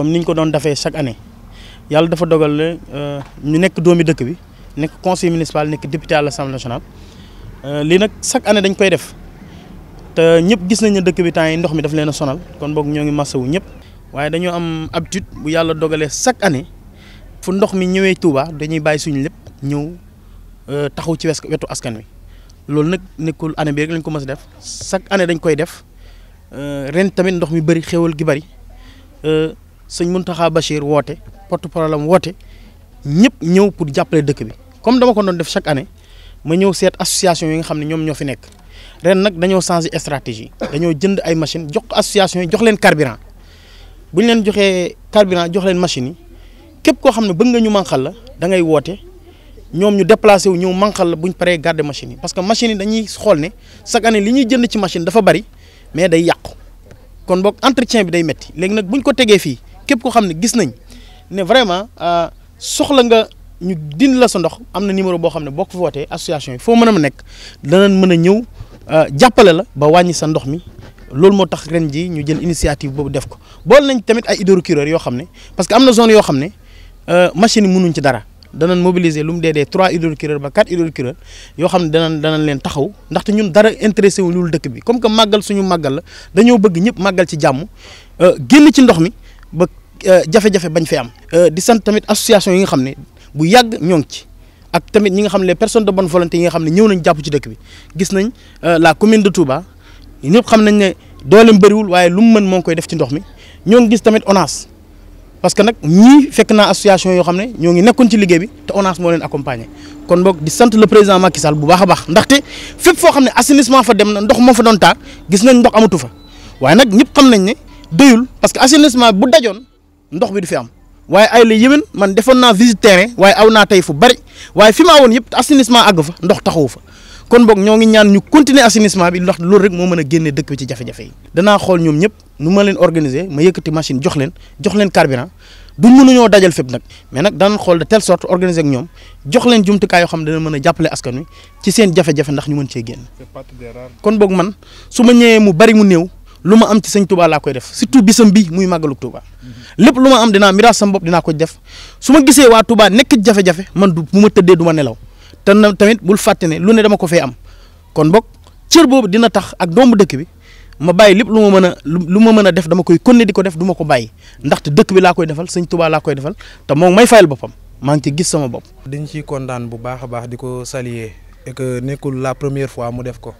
comme ñu ko doon defee chaque année yàlla dafa dogal ne euh, ñu nekk doomi dëkk bi nekk conseil municipal nekk député à l'Assemblée nationale euh, lii nag chaque année dañ koy def te ñëpp gis nañ ne dëkk bi temps yi ndox mi daf leen a sonal kon boog ñoo ngi masawu ñëpp waaye dañoo am habitude bu yàlla dogalee chaque année fu ndox mi ñëwee Touba dañuy bàyyi suñu lépp ñëw euh, taxaw ci wetu askan wi loolu nag nekkul année bi lañ ko mës a def chaque année dañ koy def ren tamit ndox mi bëri xéwal gi bëri sëñ Mountakha Bachir woote porte parole mu woote ñëpp ñëw pour jàppale dëkk bi comme dama ko doon def chaque année ma ñëw seet association yi nga xam ne ñoom ñoo fi nekk ren nag dañoo changer stratégie dañoo jënd ay machine jox ko association yi jox leen carburant bu ñu leen joxee carburant jox leen machine yi képp koo xam ne bëgg nga ñu manqal la da ngay woote ñoom ñu déplacé wu ñëw manqal la bu ñu paree garder machine yi parce que machine yi dañuy xool ne chaque année li ñuy jënd ci machine dafa bari mais day yàqu kon entretien bi day metti léegi nag bu ñu ko tegee fii képp koo xam ne gis nañ ne vraiment euh, soxla nga ñu din la sa ndox am na numéro boo xam ne bokk fi wootee association yi foo mën a ma nekk danañ mën a ñëw euh, jàppale la ba wàññi sa ndox mi loolu moo tax ren ji ñu jël initiative boobu def ko boole nañ tamit ay hydrocureur yoo xam ne parce que am na zone yoo xam ne euh, machine yi ci dara danañ mobiliser lu mu dee dee trois hydrocureur ba quatre hydrocureur yoo xam ne danañ danañ leen taxaw ndaxte ñun dara intéressé wu dëkk bi comme que màggal suñu màggal la dañoo bëgg ñëpp màggal ci jàmm génn ci ndox mi Euh, jafe-jafe bañ fi am euh, di sant tamit association yi nga xam ne bu yàgg ñoo ci ak tamit ñi nga xam ne personne de bonne volonté yi nga xam ne ñëw nañ jàpp ci dëkk bi gis nañ euh, la commune de Touba ñëpp xam nañ ne dooleem bëriwul waaye lu mu mën moo ngi koy def ci ndox mi ñoo gis tamit ONAS parce que nag ñii fekk naa association yoo xam ne ñoo ngi nekkoon ci liggéey bi te ONAS moo leen accompagner kon boog di sant le président Macky bu baax a baax ndaxte fépp xam ne assainissement fa dem na ndox moo fa doon gis nañ ndox amatu fa waaye nag ñëpp xam nañ ne doyul parce que assainissement bu dajoon ndox bi du fi am waaye ay la yéwén man defoon naa visite terrain waaye aw naa tey fu bari waaye fi ma awoon yëpp assainissement àgg fa ndox taxawu fa kon boog ñoo ngi ñaan ñu continuer assainissement bi ndax loolu rek moo mën a génne dëkk bi ci jafe-jafe yi. danaa xool ñoom ñëpp nu ma leen organiser ma yëkkati machine jox leen jox leen carburant duñ mënuñoo dajal fépp nag mais nag danañ xool de telle sorte organiser ñoom jox leen jumtukaay yoo xam dana mën a jàppale askan wi ci seen jafe ñu mën cee génn. kon boog man su ma ñëwee mu bari mu néew lu ma am ci sëñ Touba laa koy def surtout bisam bi muy màggalu Touba mm-hmm. lépp lu ma am dinaa miraas sama bopp dinaa ko def su ma gisee waa Touba nekk jafe-jafe man du bu ma tëddee du ma nelaw te na tamit bul fàtte ne lu ne dama ko fee am kon bokk cër boobu dina tax ak doomu dëkk bi ma bàyyi lépp lu ma mën a lu ma mën a def dama koy konne di ko def duma ko bàyyi ndaxte dëkk bi laa koy defal sëñ Touba laa koy defal te moom may fayal boppam maa ngi ci gis sama bopp. dañ ciy kontaan bu baax a baax di ko saluer et nekkul la première fois mu def ko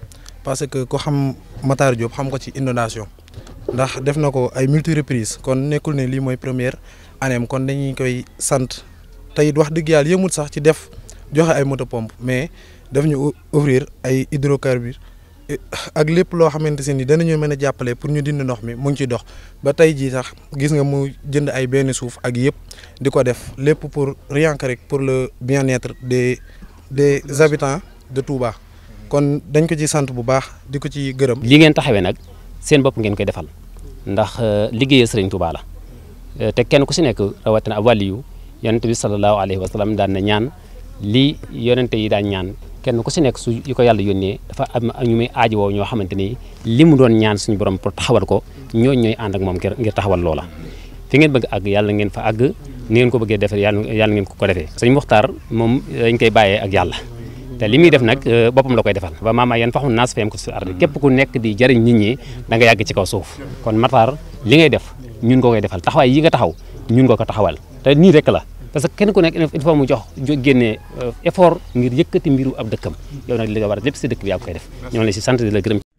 parce que ko xam Matar Diop xam ko ci inondation ndax def na ko ay multi reprise kon nekkul ne lii mooy première année kon dañu koy sant tey wax dëgg yàlla yëmut sax ci def joxe ay moto pompe mais daf ñu ouvrir ay hydrocarbures ak lépp loo xamante seen ni danañu mën a jàppale pour ñu dindi ndox mi mu ngi ciy dox ba tey jii sax gis nga mu jënd ay benn suuf ak yëpp di ko def lépp pour rien rek pour le bien-être de des habitants de Touba kon dañ ko ci sant bu baax di ko ci gërëm. li ngeen taxawee nag. seen bopp ngeen koy defal ndax euh, liggéeyee sëriñ Tuubaa la euh, te kenn ku si nekk rawatina ab wàlliyu yonente bi sallallahu alayhi wa sallam daan na ñaan li yonente yi daan ñaan kenn ku si nekk su yi ko yàlla yónnee dafa am ñu muy aaji woo ñoo xamante ni li mu doon ñaan suñu borom pour taxawal ko ñooñ ñooy ànd ak moom ngir taxawal loola fi ngeen bëgg àgg yàlla ngeen fa àgg ni ngeen ko bëggee defee yàlla ngeen ko ko defee sëñ Muxtaar moom dañ koy bàyyee ak yàlla te li muy def nag euh, boppam la koy defal ba maama yéen faxun naas fayam ko su ardi képp ku nekk di jëriñ nit ñi da nga yàgg ci kaw suuf kon Matar li ngay def ñun nga koy defal taxawaay yi nga taxaw ñun nga ko taxawal te nii rek la parce que kenn ku nekk il faut mu jox génne euh, effort ngir yëkkati mbiru ab dëkkam yow nag li nga war a lépp si dëkk bi yaa koy def ñoo ngi lay si la gërëm